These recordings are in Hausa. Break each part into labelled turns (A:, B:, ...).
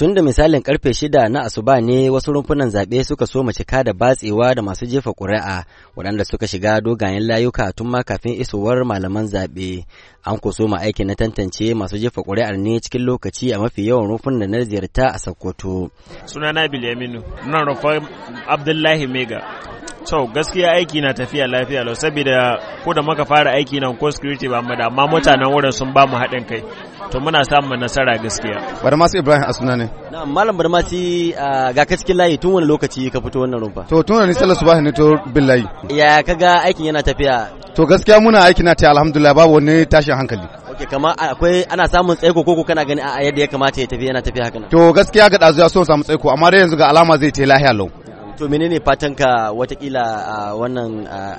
A: Tun da misalin karfe shida na asuba ne wasu rumfunan zaɓe suka so cika da batsewa da masu jefa ƙuri'a waɗanda suka shiga dogayen layuka tun ma kafin isowar malaman zaɓe. An ko soma aikin na tantance masu jefa ƙuri'ar ne cikin lokaci a mafi yawan rumfunan na ziyarta a Sokoto.
B: Sunana Bilyaminu, nan rumfar Abdullahi Mega. to gaskiya aiki na tafiya lafiya lau saboda ko da muka fara aiki nan ko security ba mu da amma mutanen wurin sun ba mu haɗin kai to muna samun nasara gaskiya
C: barmasi ibrahim asuna ne
B: na malam barmasi ga ka cikin layi tun wani lokaci ka fito wannan rumfa
C: to tun wani sallar subahi
B: ne to billahi
A: ya kaga aikin yana tafiya
B: to gaskiya muna aiki na ta alhamdulillah babu wani tashin hankali
A: Ok kama akwai ana samun tsaiko koko kana gani a yadda ya kamata ya tafi yana tafiya haka
B: to gaskiya ga dazu ya so samu tsaiko amma dai yanzu ga alama zai ta lahiya lau
A: to menene fatan ka watakila a wannan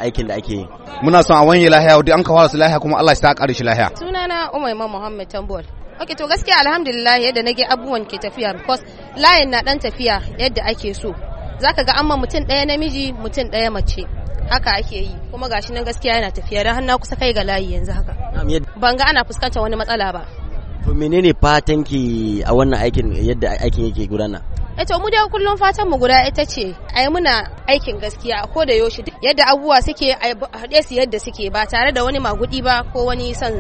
A: aikin da ake yi
B: muna son a wani lahiya wadda an kawo su lahiya kuma Allah ya sa ƙari
C: shi lahiya sunana Umaima Muhammad Tambol ok to gaskiya alhamdulillah yadda nage abubuwan ke tafiya because layin na dan tafiya yadda ake so zaka ga amma mutum ɗaya namiji mutum ɗaya mace haka ake yi kuma gashi nan gaskiya yana tafiya har hannu kusa kai ga layi yanzu haka ban ga ana fuskantar wani matsala ba
A: to menene fatan ki a wannan aikin yadda aikin yake gudana
C: Eh to mu dai kullum fatan mu guda ita ce ai muna aikin gaskiya ko da yaushe yadda abubuwa suke a haɗe su yadda suke ba tare da wani magudi ba ko wani son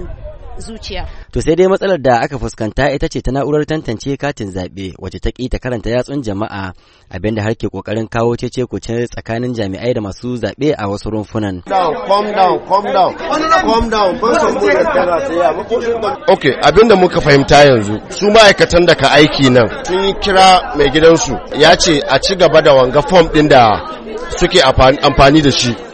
C: zuciya.
A: To sai dai matsalar da aka fuskanta ita ce ta na'urar tantance katin zaɓe wacce ta ƙi ta karanta yatsun jama'a abin da har ke ƙoƙarin kawo cece kuce tsakanin jami'ai da masu zaɓe a wasu rumfunan.
B: Ok abin da muka fahimta yanzu su ma'aikatan da ka aiki nan sun yi kira mai gidansu ya ce a ci gaba da wanga fom ɗin da suke amfani da shi.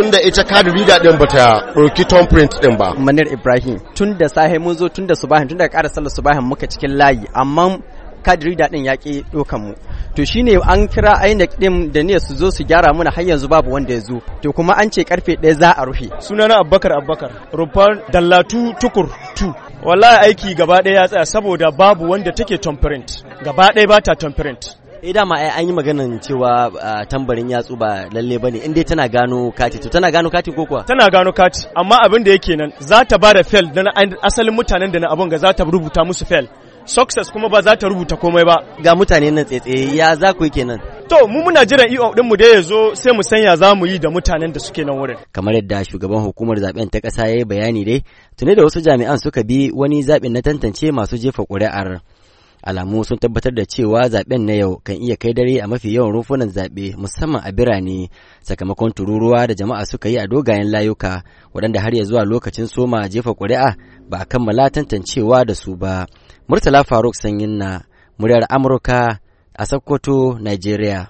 B: tunda ita card reader din bata ɗauki tone print din ba manir ibrahim tun da sahe mun zo tun da subahin tun da ƙara sallar subahin muka cikin layi amma card
A: reader din ya ki ɗaukan mu to shine an kira ainak ɗin da ne su zo su gyara mana har yanzu
B: babu wanda ya zo to kuma an ce karfe ɗaya za a rufe sunana Abubakar Abubakar rufar dallatu tukur tu wallahi aiki gaba ɗaya ya tsaya saboda babu wanda take tone print gaba ɗaya ba ta tone print
A: eh dama eh, an yi maganan cewa ah, tambarin yatsu ba lalle
B: bane in dai tana gano kati to tana gano kati ko kuwa tana gano kati amma abin da yake nan za ta bada fail na asalin mutanen da na abun ga za ta rubuta musu fail success kuma ba za ta rubuta komai ba ga mutane nan tsetse ya za ku yi kenan to mu muna jiran iyo e din mu da ya zo sai mu sanya za mu yi da mutanen da suke nan wurin
A: kamar yadda shugaban hukumar zaben ta kasa ya yi bayani dai tuni da wasu jami'an suka bi wani zaben na tantance masu jefa ƙuri'ar alamu sun tabbatar da cewa zaben na yau kan iya kai dare a mafi yawan rumfunan zaɓe musamman a birane sakamakon tururuwa da jama'a suka yi a dogayen layuka waɗanda har ya zuwa lokacin soma jefa ƙuri'a ba a kammala tantancewa da su ba murtala faruk sanyin na muryar amurka a sokoto nigeria